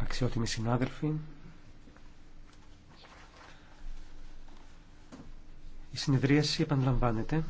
Αξιότιμοι συνάδελφοι, η συνεδρίαση επαναλαμβάνεται.